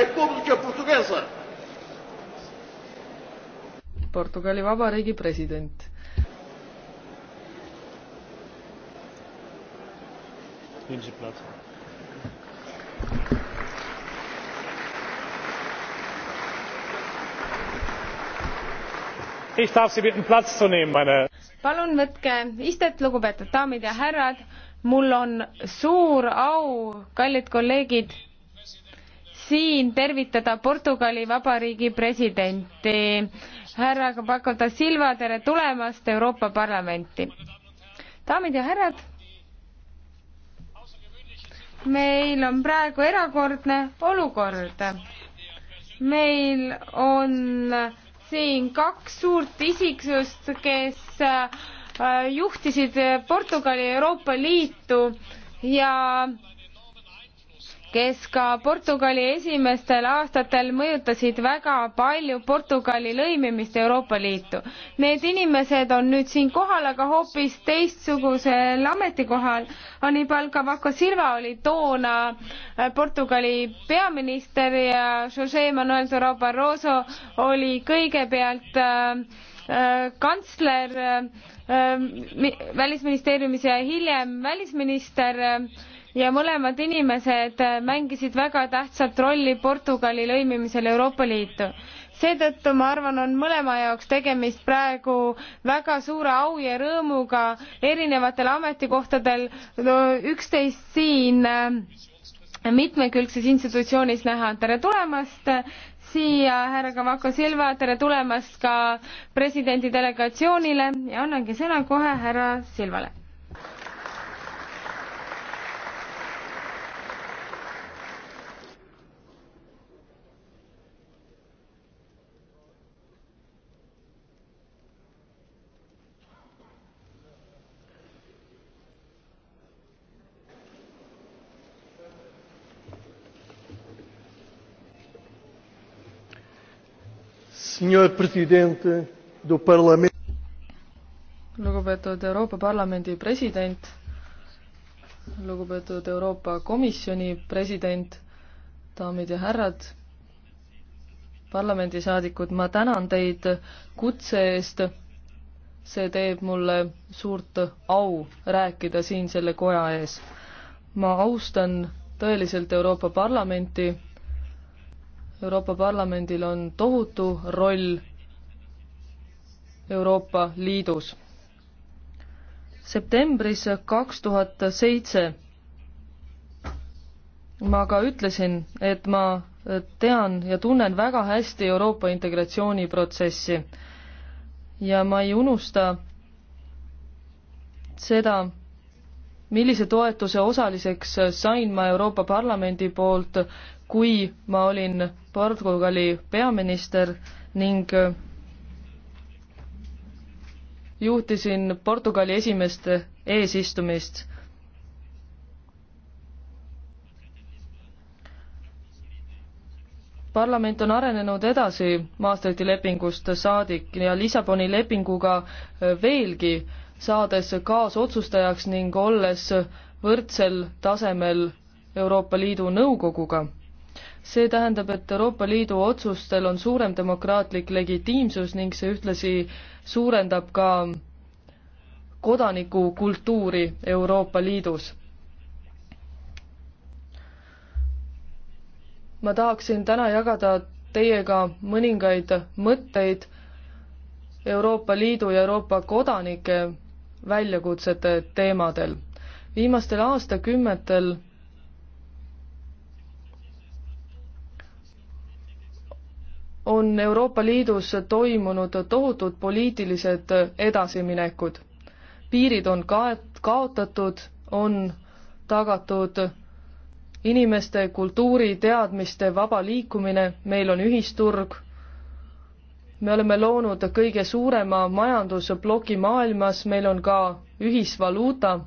República Portuguesa. Portugali Vabariigi president. Nehmen Sie Platz. Ich darf Sie bitten, Platz zu nehmen, meine. palun võtke istet, lugupeetud daamid ja härrad. mul on suur au, kallid kolleegid, siin tervitada Portugali Vabariigi presidenti härra Paco da Silva, tere tulemast Euroopa Parlamenti. daamid ja härrad, meil on praegu erakordne olukord. meil on siin kaks suurt isiksust, kes äh, juhtisid Portugali Euroopa Liitu ja kes ka Portugali esimestel aastatel mõjutasid väga palju Portugali lõimimist Euroopa Liitu. Need inimesed on nüüd siin kohal, aga hoopis teistsugusel ametikohal. Anibal Cavaco Silva oli toona äh, Portugali peaminister ja José Manuel Zorro Barroso oli kõigepealt äh, äh, kantsler välisministeeriumis ja hiljem välisminister ja mõlemad inimesed mängisid väga tähtsat rolli Portugali lõimimisel Euroopa Liitu. seetõttu ma arvan, on mõlema jaoks tegemist praegu väga suure au ja rõõmuga erinevatel ametikohtadel üksteist siin äh, mitmekülgses institutsioonis näha. tere tulemast siia, härra Kavako Silva, tere tulemast ka presidendi delegatsioonile ja annangi sõna kohe härra Silvale lugupeetud Euroopa Parlamendi president, lugupeetud Euroopa Komisjoni president, daamid ja härrad, parlamendisaadikud, ma tänan teid kutse eest. see teeb mulle suurt au rääkida siin selle koja ees. ma austan tõeliselt Euroopa Parlamenti Euroopa Parlamendil on tohutu roll Euroopa Liidus. septembris kaks tuhat seitse ma ka ütlesin, et ma tean ja tunnen väga hästi Euroopa integratsiooniprotsessi ja ma ei unusta seda, millise toetuse osaliseks sain ma Euroopa Parlamendi poolt kui ma olin Portugali peaminister ning äh, juhtisin Portugali esimest eesistumist. parlament on arenenud edasi Maastrichti lepingust saadik ja Lissaboni lepinguga äh, veelgi, saades kaasotsustajaks ning olles võrdsel tasemel Euroopa Liidu Nõukoguga see tähendab, et Euroopa Liidu otsustel on suurem demokraatlik legitiimsus ning see ühtlasi suurendab ka kodanikukultuuri Euroopa Liidus. ma tahaksin täna jagada teiega mõningaid mõtteid Euroopa Liidu ja Euroopa kodanike väljakutsete teemadel. viimastel aastakümnetel on Euroopa Liidus toimunud tohutud poliitilised edasiminekud. piirid on kaet-, kaotatud, on tagatud inimeste, kultuuri, teadmiste vaba liikumine, meil on ühisturg, me oleme loonud kõige suurema majandusploki maailmas, meil on ka ühisvaluuta,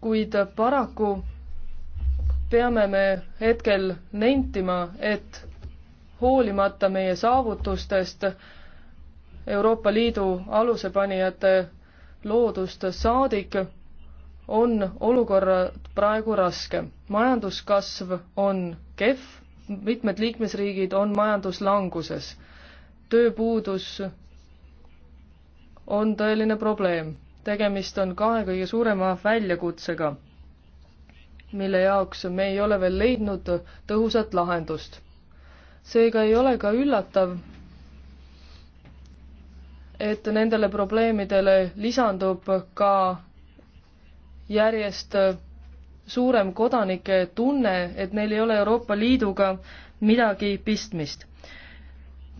kuid paraku peame me hetkel nentima, et hoolimata meie saavutustest Euroopa Liidu alusepanijate loodust saadik, on olukorrad praegu raske. majanduskasv on kehv, mitmed liikmesriigid on majanduslanguses. tööpuudus on tõeline probleem. tegemist on kahe kõige suurema väljakutsega mille jaoks me ei ole veel leidnud tõhusat lahendust. seega ei ole ka üllatav, et nendele probleemidele lisandub ka järjest suurem kodanike tunne, et neil ei ole Euroopa Liiduga midagi pistmist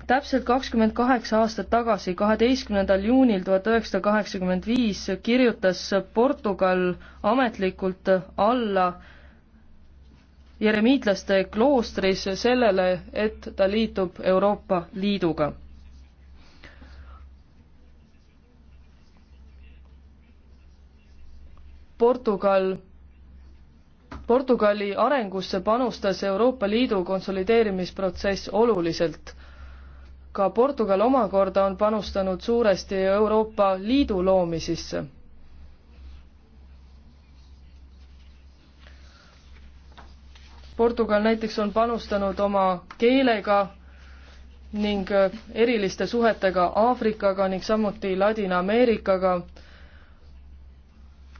täpselt kakskümmend kaheksa aastat tagasi, kaheteistkümnendal juunil tuhat üheksasada kaheksakümmend viis kirjutas Portugal ametlikult alla jeremiitlaste kloostris sellele, et ta liitub Euroopa Liiduga. Portugal, Portugali arengusse panustas Euroopa Liidu konsolideerimisprotsess oluliselt ka Portugal omakorda on panustanud suuresti Euroopa Liidu loomisisse. Portugal näiteks on panustanud oma keelega ning eriliste suhetega Aafrikaga ning samuti Ladina-Ameerikaga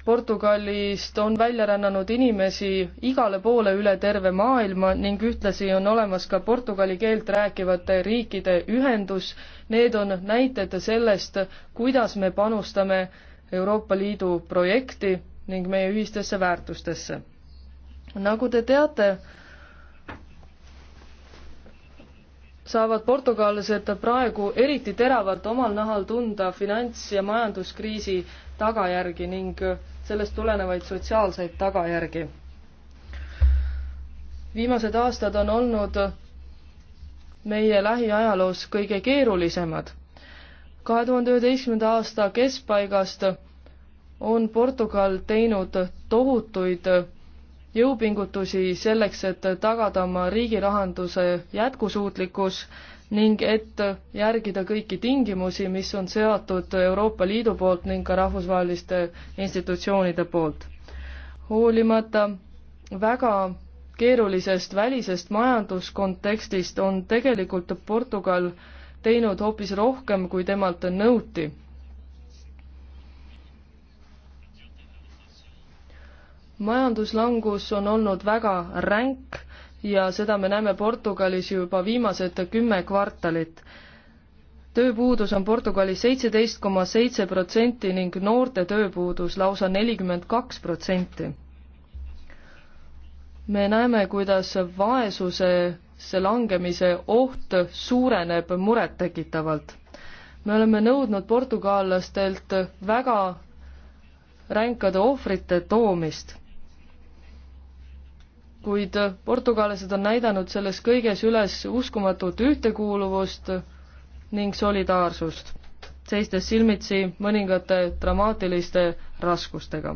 Portugalist on välja rännanud inimesi igale poole üle terve maailma ning ühtlasi on olemas ka portugali keelt rääkivate riikide ühendus. Need on näited sellest, kuidas me panustame Euroopa Liidu projekti ning meie ühistesse väärtustesse. nagu te teate, saavad portugallased praegu eriti teravalt omal nahal tunda finants- ja majanduskriisi tagajärgi ning sellest tulenevaid sotsiaalseid tagajärgi. viimased aastad on olnud meie lähiajaloos kõige keerulisemad. kahe tuhande üheteistkümnenda aasta keskpaigast on Portugal teinud tohutuid jõupingutusi selleks, et tagada oma riigi rahanduse jätkusuutlikkus ning et järgida kõiki tingimusi, mis on seatud Euroopa Liidu poolt ning ka rahvusvaheliste institutsioonide poolt. hoolimata väga keerulisest välisest majanduskontekstist on tegelikult Portugal teinud hoopis rohkem, kui temalt nõuti. majanduslangus on olnud väga ränk ja seda me näeme Portugalis juba viimased kümme kvartalit. tööpuudus on Portugalis seitseteist koma seitse protsenti ning noorte tööpuudus lausa nelikümmend kaks protsenti. me näeme, kuidas vaesusesse langemise oht suureneb murettekitavalt. me oleme nõudnud portugallastelt väga ränkade ohvrite toomist kuid portugallased on näidanud selles kõiges üles uskumatut ühtekuuluvust ning solidaarsust, seistes silmitsi mõningate dramaatiliste raskustega.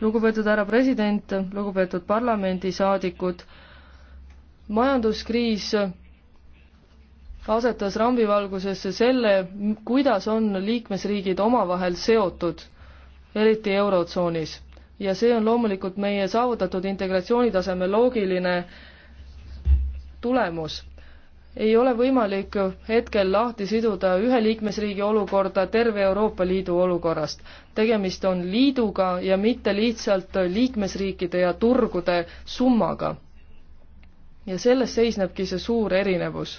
lugupeetud härra president, lugupeetud parlamendisaadikud, majanduskriis asetas rambivalgusesse selle, kuidas on liikmesriigid omavahel seotud, eriti Eurotsoonis ja see on loomulikult meie saavutatud integratsioonitaseme loogiline tulemus. ei ole võimalik hetkel lahti siduda ühe liikmesriigi olukorda terve Euroopa Liidu olukorrast. tegemist on liiduga ja mitte lihtsalt liikmesriikide ja turgude summaga. ja selles seisnebki see suur erinevus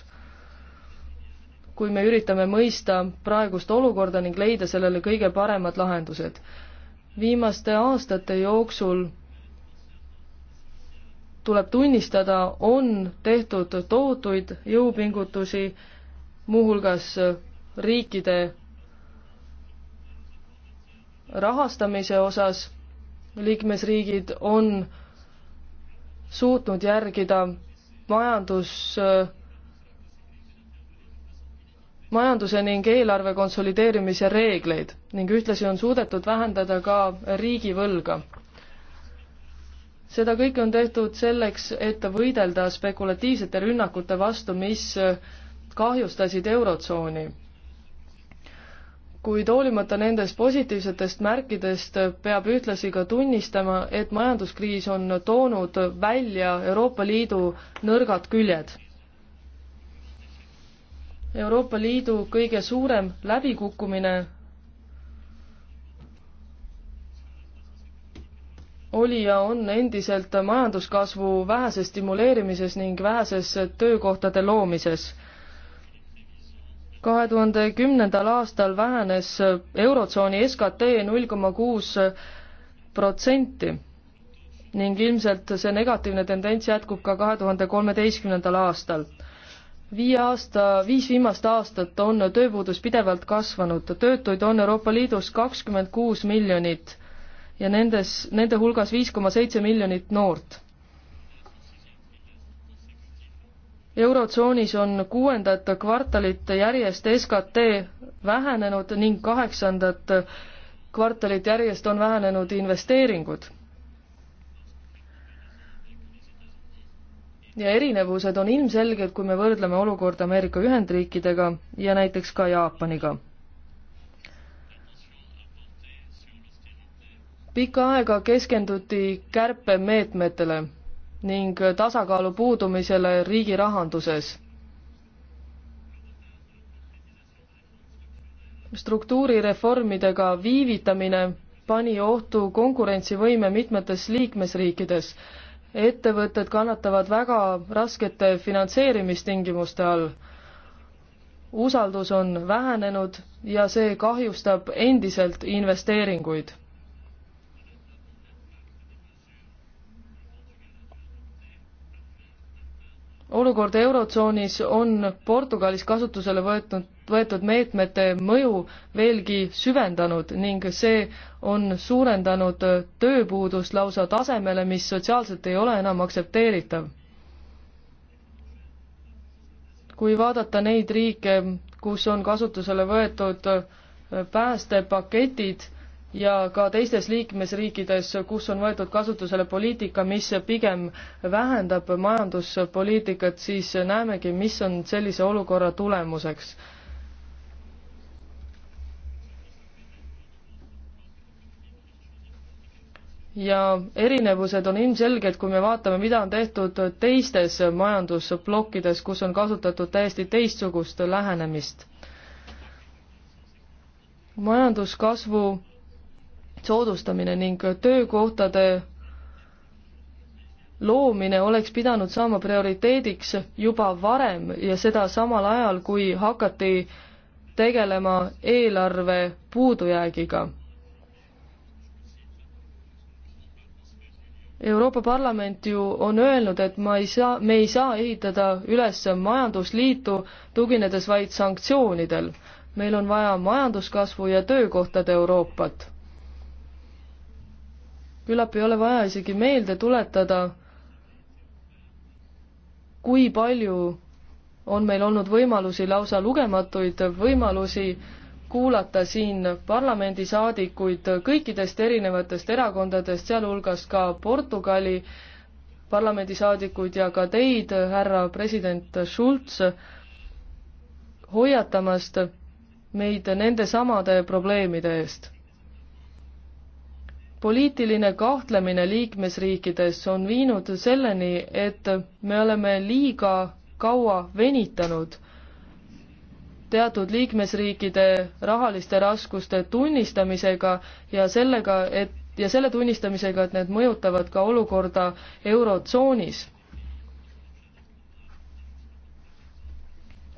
kui me üritame mõista praegust olukorda ning leida sellele kõige paremad lahendused viimaste aastate jooksul tuleb tunnistada, on tehtud tohutuid jõupingutusi, muuhulgas riikide rahastamise osas liikmesriigid on suutnud järgida majandus- majanduse ning eelarve konsolideerimise reegleid ning ühtlasi on suudetud vähendada ka riigivõlga. seda kõike on tehtud selleks, et võidelda spekulatiivsete rünnakute vastu, mis kahjustasid Eurotsooni. kuid hoolimata nendest positiivsetest märkidest, peab ühtlasi ka tunnistama, et majanduskriis on toonud välja Euroopa Liidu nõrgad küljed Euroopa Liidu kõige suurem läbikukkumine oli ja on endiselt majanduskasvu väheses stimuleerimises ning väheses töökohtade loomises. kahe tuhande kümnendal aastal vähenes Eurotsooni SKT null koma kuus protsenti ning ilmselt see negatiivne tendents jätkub ka kahe tuhande kolmeteistkümnendal aastal viie aasta, viis viimast aastat on tööpuudus pidevalt kasvanud, töötuid on Euroopa Liidus kakskümmend kuus miljonit ja nendes, nende hulgas viis koma seitse miljonit noort. eurotsoonis on kuuendat kvartalit järjest SKT vähenenud ning kaheksandat kvartalit järjest on vähenenud investeeringud ja erinevused on ilmselged, kui me võrdleme olukorda Ameerika Ühendriikidega ja näiteks ka Jaapaniga. pikka aega keskenduti kärpemeetmetele ning tasakaalu puudumisele riigi rahanduses. struktuurireformidega viivitamine pani ohtu konkurentsivõime mitmetes liikmesriikides ettevõtted kannatavad väga raskete finantseerimistingimuste all. usaldus on vähenenud ja see kahjustab endiselt investeeringuid olukord Eurotsoonis on Portugalis kasutusele võetud, võetud meetmete mõju veelgi süvendanud ning see on suurendanud tööpuudust lausa tasemele, mis sotsiaalselt ei ole enam aktsepteeritav. kui vaadata neid riike, kus on kasutusele võetud päästepaketid, ja ka teistes liikmesriikides, kus on võetud kasutusele poliitika, mis pigem vähendab majanduspoliitikat, siis näemegi, mis on sellise olukorra tulemuseks. ja erinevused on ilmselged, kui me vaatame, mida on tehtud teistes majandusplokkides, kus on kasutatud täiesti teistsugust lähenemist. majanduskasvu soodustamine ning töökohtade loomine oleks pidanud saama prioriteediks juba varem ja seda samal ajal, kui hakati tegelema eelarve puudujäägiga. Euroopa Parlament ju on öelnud, et ma ei saa, me ei saa ehitada üles majandusliitu, tuginedes vaid sanktsioonidel. meil on vaja majanduskasvu ja töökohtade Euroopat küllap ei ole vaja isegi meelde tuletada, kui palju on meil olnud võimalusi, lausa lugematuid võimalusi kuulata siin parlamendisaadikuid kõikidest erinevatest erakondadest, sealhulgas ka Portugali parlamendisaadikuid ja ka teid, härra president Schulz, hoiatamast meid nendesamade probleemide eest poliitiline kahtlemine liikmesriikides on viinud selleni, et me oleme liiga kaua venitanud teatud liikmesriikide rahaliste raskuste tunnistamisega ja sellega, et ja selle tunnistamisega, et need mõjutavad ka olukorda Eurotsoonis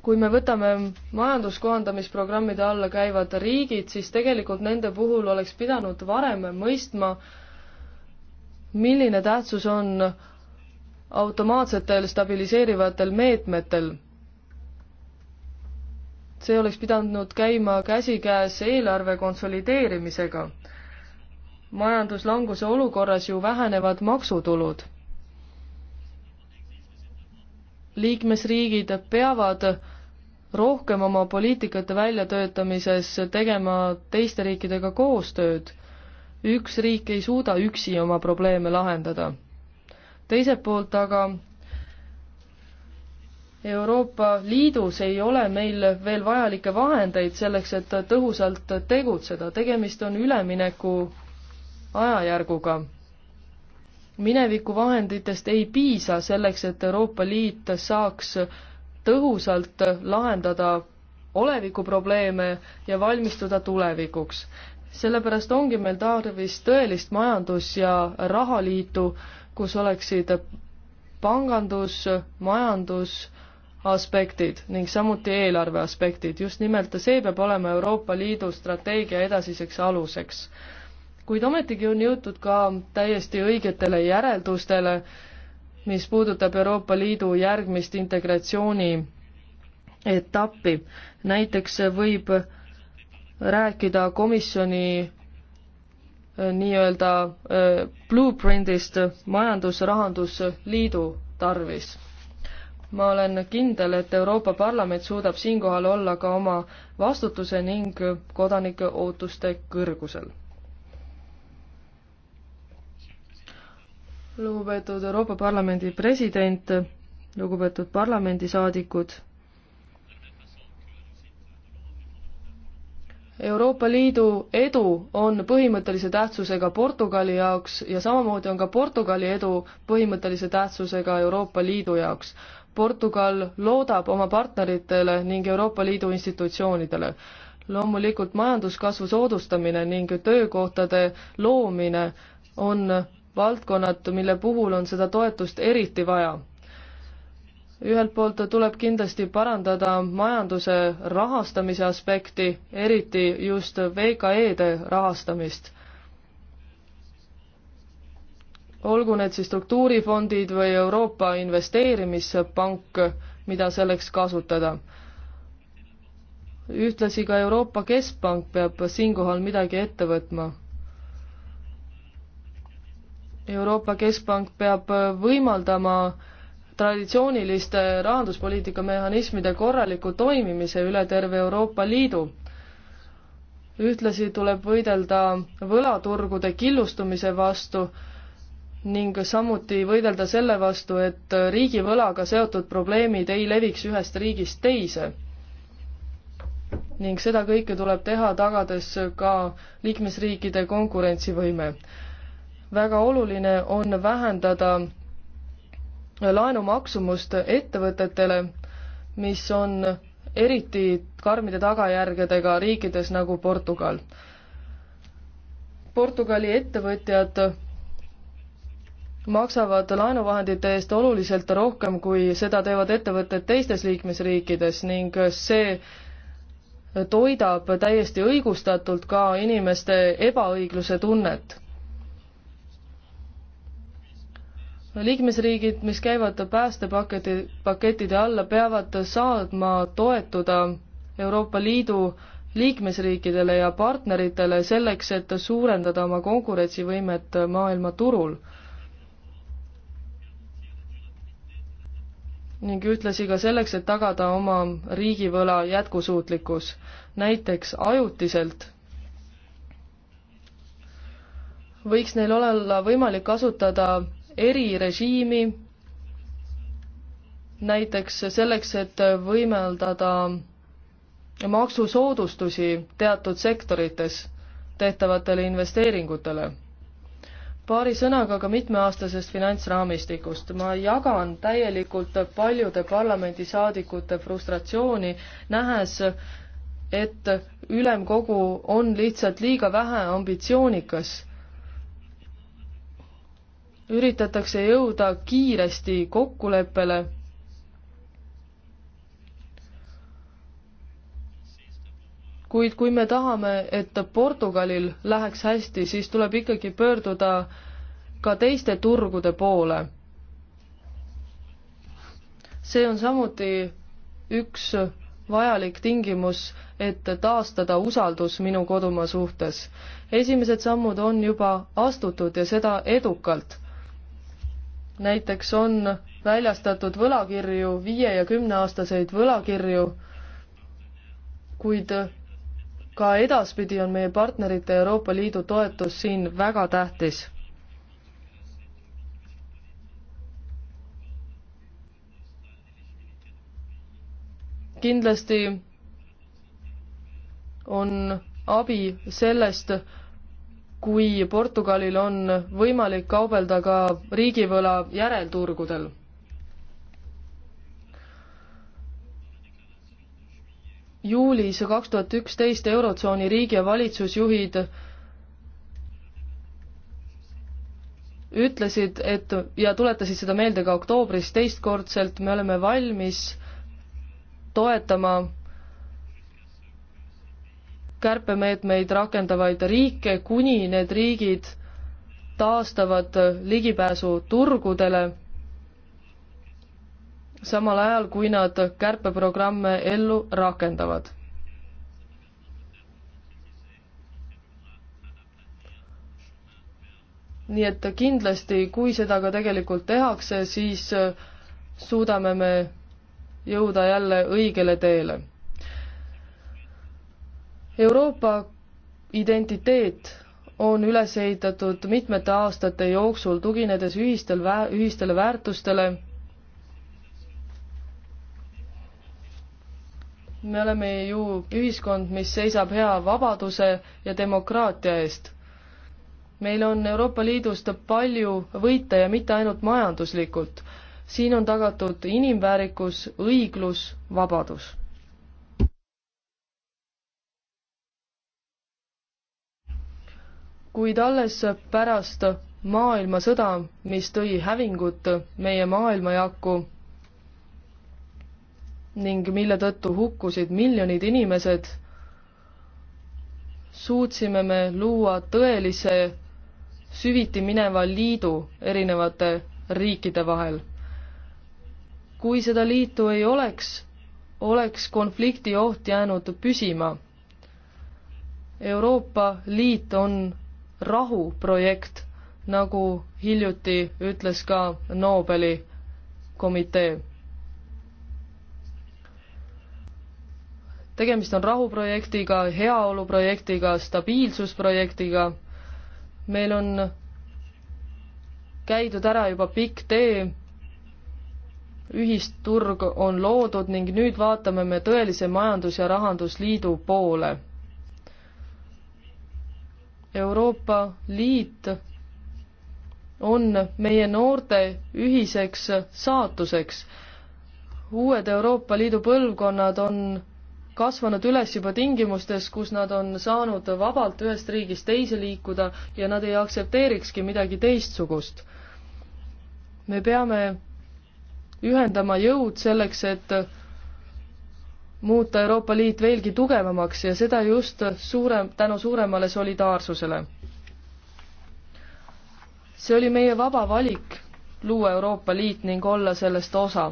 kui me võtame majanduskohandamisprogrammide alla käivad riigid, siis tegelikult nende puhul oleks pidanud varem mõistma, milline tähtsus on automaatsetel stabiliseerivatel meetmetel. see oleks pidanud käima käsikäes eelarve konsolideerimisega. majanduslanguse olukorras ju vähenevad maksutulud. liikmesriigid peavad rohkem oma poliitikate väljatöötamises tegema teiste riikidega koostööd. üks riik ei suuda üksi oma probleeme lahendada. teiselt poolt aga Euroopa Liidus ei ole meil veel vajalikke vahendeid selleks, et tõhusalt tegutseda, tegemist on ülemineku ajajärguga. mineviku vahenditest ei piisa selleks, et Euroopa Liit saaks tõhusalt lahendada olevikuprobleeme ja valmistuda tulevikuks. sellepärast ongi meil tarvis tõelist majandus- ja rahaliitu, kus oleksid pangandus, majandus, aspektid ning samuti eelarve aspektid, just nimelt see peab olema Euroopa Liidu strateegia edasiseks aluseks. kuid ometigi on jõutud ka täiesti õigetele järeldustele, mis puudutab Euroopa Liidu järgmist integratsiooni etappi. näiteks võib rääkida komisjoni äh, nii-öelda äh, blueprintist majandus-rahandusliidu tarvis. ma olen kindel, et Euroopa Parlament suudab siinkohal olla ka oma vastutuse ning kodanike ootuste kõrgusel lugupeetud Euroopa Parlamendi president, lugupeetud parlamendisaadikud. Euroopa Liidu edu on põhimõttelise tähtsusega Portugali jaoks ja samamoodi on ka Portugali edu põhimõttelise tähtsusega Euroopa Liidu jaoks. Portugal loodab oma partneritele ning Euroopa Liidu institutsioonidele. loomulikult majanduskasvu soodustamine ning töökohtade loomine on valdkonnad, mille puhul on seda toetust eriti vaja. ühelt poolt tuleb kindlasti parandada majanduse rahastamise aspekti, eriti just VKE-de rahastamist. olgu need siis struktuurifondid või Euroopa Investeerimispank, mida selleks kasutada ühtlasi ka Euroopa Keskpank peab siinkohal midagi ette võtma. Euroopa Keskpank peab äh, võimaldama traditsiooniliste rahanduspoliitika mehhanismide korraliku toimimise üle terve Euroopa Liidu. ühtlasi tuleb võidelda võlaturgude killustumise vastu ning samuti võidelda selle vastu, et riigivõlaga seotud probleemid ei leviks ühest riigist teise. ning seda kõike tuleb teha, tagades ka liikmesriikide konkurentsivõime väga oluline on vähendada laenu maksumust ettevõtetele, mis on eriti karmide tagajärgedega riikides nagu Portugal. Portugali ettevõtjad maksavad laenuvahendite eest oluliselt rohkem, kui seda teevad ettevõtted teistes liikmesriikides ning see toidab täiesti õigustatult ka inimeste ebaõigluse tunnet. liikmesriigid, mis käivad päästepaketi, pakettide alla, peavad saama toetuda Euroopa Liidu liikmesriikidele ja partneritele selleks, et suurendada oma konkurentsivõimet maailmaturul. ning ühtlasi ka selleks, et tagada oma riigivõla jätkusuutlikkus, näiteks ajutiselt võiks neil olla võimalik kasutada erirežiimi, näiteks selleks, et võimaldada maksusoodustusi teatud sektorites tehtavatele investeeringutele. paari sõnaga ka mitmeaastasest finantsraamistikust. ma jagan täielikult paljude parlamendisaadikute frustratsiooni, nähes, et ülemkogu on lihtsalt liiga vähe ambitsioonikas üritatakse jõuda kiiresti kokkuleppele. kuid kui me tahame, et Portugalil läheks hästi, siis tuleb ikkagi pöörduda ka teiste turgude poole. see on samuti üks vajalik tingimus, et taastada usaldus minu kodumaa suhtes. esimesed sammud on juba astutud ja seda edukalt näiteks on väljastatud võlakirju, viie ja kümneaastaseid võlakirju, kuid ka edaspidi on meie partnerite Euroopa Liidu toetus siin väga tähtis. kindlasti on abi sellest, kui Portugalil on võimalik kaubelda ka riigivõla järelturgudel. juulis kaks tuhat üksteist Eurotsooni riigi- ja valitsusjuhid ütlesid, et ja tuletasid seda meelde ka oktoobris teistkordselt, me oleme valmis toetama kärpemeetmeid rakendavaid riike, kuni need riigid taastavad ligipääsu turgudele, samal ajal kui nad kärpeprogramme ellu rakendavad. nii et kindlasti, kui seda ka tegelikult tehakse, siis suudame me jõuda jälle õigele teele Euroopa identiteet on üles ehitatud mitmete aastate jooksul, tuginedes ühistel vä-, ühistele väärtustele. me oleme ju ühiskond, mis seisab hea vabaduse ja demokraatia eest. meil on Euroopa Liidust palju võita ja mitte ainult majanduslikult. siin on tagatud inimväärikus, õiglus, vabadus kuid alles pärast maailmasõda, mis tõi hävingut meie maailmajaku ning mille tõttu hukkusid miljonid inimesed, suutsime me luua tõelise süviti mineva liidu erinevate riikide vahel. kui seda liitu ei oleks, oleks konflikti oht jäänud püsima. Euroopa Liit on rahuprojekt, nagu hiljuti ütles ka Nobeli komitee. tegemist on rahuprojektiga, heaoluprojektiga, stabiilsusprojektiga. meil on käidud ära juba pikk tee, ühisturg on loodud ning nüüd vaatame me tõelise majandus- ja rahandusliidu poole Euroopa Liit on meie noorte ühiseks saatuseks. uued Euroopa Liidu põlvkonnad on kasvanud üles juba tingimustes, kus nad on saanud vabalt ühest riigist teise liikuda ja nad ei aktsepteerikski midagi teistsugust. me peame ühendama jõud selleks, et muuta Euroopa Liit veelgi tugevamaks ja seda just suurem, tänu suuremale solidaarsusele. see oli meie vaba valik luua Euroopa Liit ning olla sellest osa.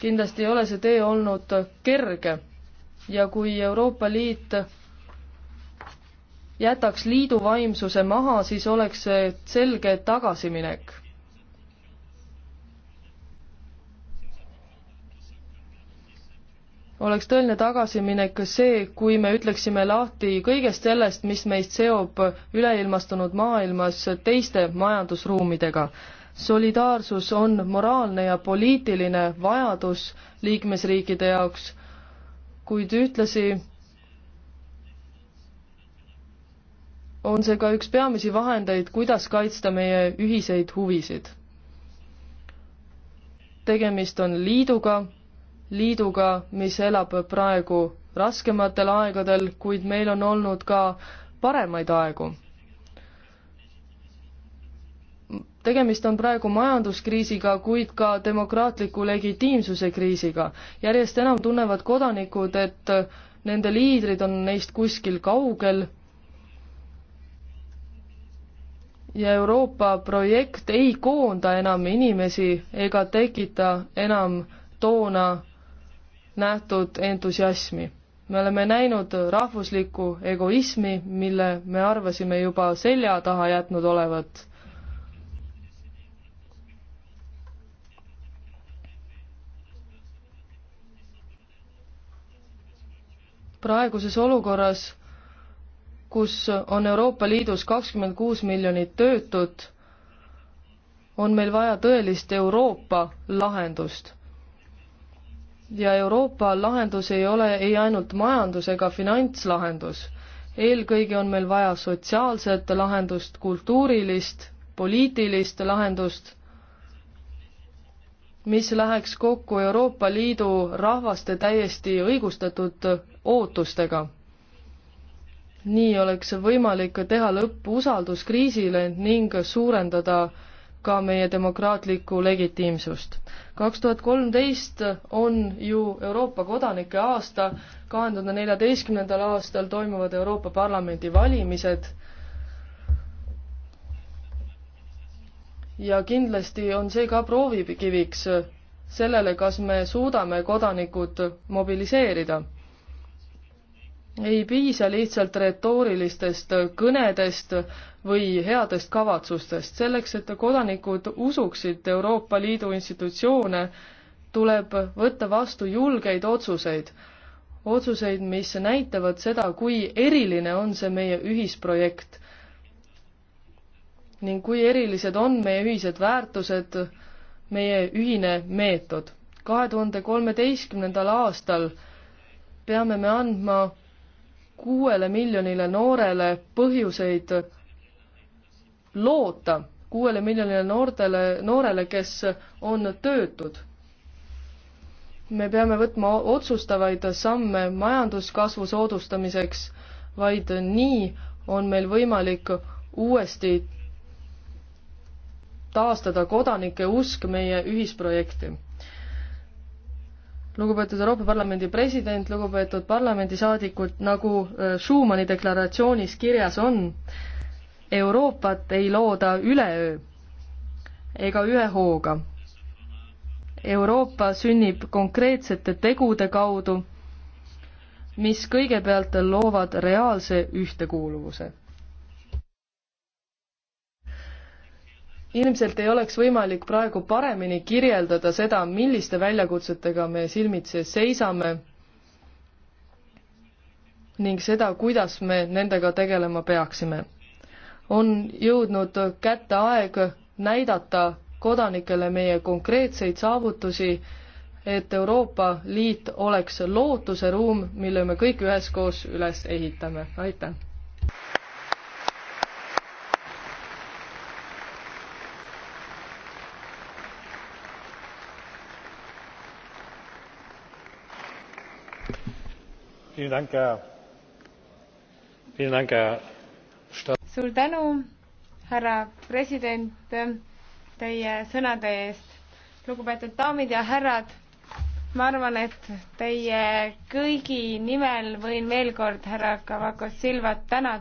kindlasti ei ole see tee olnud kerge ja kui Euroopa Liit jätaks liiduvaimsuse maha, siis oleks see selge tagasiminek oleks tõeline tagasiminek see, kui me ütleksime lahti kõigest sellest, mis meist seob üleilmastunud maailmas teiste majandusruumidega. solidaarsus on moraalne ja poliitiline vajadus liikmesriikide jaoks, kuid ühtlasi on see ka üks peamisi vahendeid, kuidas kaitsta meie ühiseid huvisid. tegemist on liiduga, liiduga, mis elab praegu raskematel aegadel, kuid meil on olnud ka paremaid aegu. tegemist on praegu majanduskriisiga, kuid ka demokraatliku legitiimsuse kriisiga. järjest enam tunnevad kodanikud, et nende liidrid on neist kuskil kaugel ja Euroopa projekt ei koonda enam inimesi ega tekita enam toona nähtud entusiasmi. me oleme näinud rahvuslikku egoismi, mille me arvasime juba selja taha jätnud olevat. praeguses olukorras, kus on Euroopa Liidus kakskümmend kuus miljonit töötut, on meil vaja tõelist Euroopa lahendust ja Euroopa lahendus ei ole ei ainult majandus- ega finantslahendus. eelkõige on meil vaja sotsiaalset lahendust, kultuurilist, poliitilist lahendust, mis läheks kokku Euroopa Liidu rahvaste täiesti õigustatud ootustega. nii oleks võimalik teha lõpp usalduskriisile ning suurendada ka meie demokraatlikku legitiimsust. kaks tuhat kolmteist on ju Euroopa kodanike aasta, kahe tuhande neljateistkümnendal aastal toimuvad Euroopa Parlamendi valimised ja kindlasti on see ka proovikiviks sellele, kas me suudame kodanikud mobiliseerida ei piisa lihtsalt retoorilistest kõnedest või headest kavatsustest. selleks, et kodanikud usuksid Euroopa Liidu institutsioone, tuleb võtta vastu julgeid otsuseid. otsuseid, mis näitavad seda, kui eriline on see meie ühisprojekt. ning kui erilised on meie ühised väärtused, meie ühine meetod. kahe tuhande kolmeteistkümnendal aastal peame me andma kuuele miljonile noorele põhjuseid loota, kuuele miljonile noortele, noorele, kes on töötud. me peame võtma otsustavaid samme majanduskasvu soodustamiseks, vaid nii on meil võimalik uuesti taastada kodanike usk meie ühisprojekti lugupeetud Euroopa Parlamendi president, lugupeetud parlamendisaadikud, nagu äh, Schumani deklaratsioonis kirjas on, Euroopat ei looda üleöö ega ühe hooga. Euroopa sünnib konkreetsete tegude kaudu, mis kõigepealt loovad reaalse ühtekuuluvuse ilmselt ei oleks võimalik praegu paremini kirjeldada seda, milliste väljakutsetega me silmitsi seisame ning seda, kuidas me nendega tegelema peaksime. on jõudnud kätte aeg näidata kodanikele meie konkreetseid saavutusi, et Euroopa Liit oleks lootuseruum, mille me kõik üheskoos üles ehitame. aitäh! suur tänu, härra president, teie sõnade eest. lugupeetud daamid ja härrad, ma arvan, et teie kõigi nimel võin veel kord härra Cavacos Silvat tänada.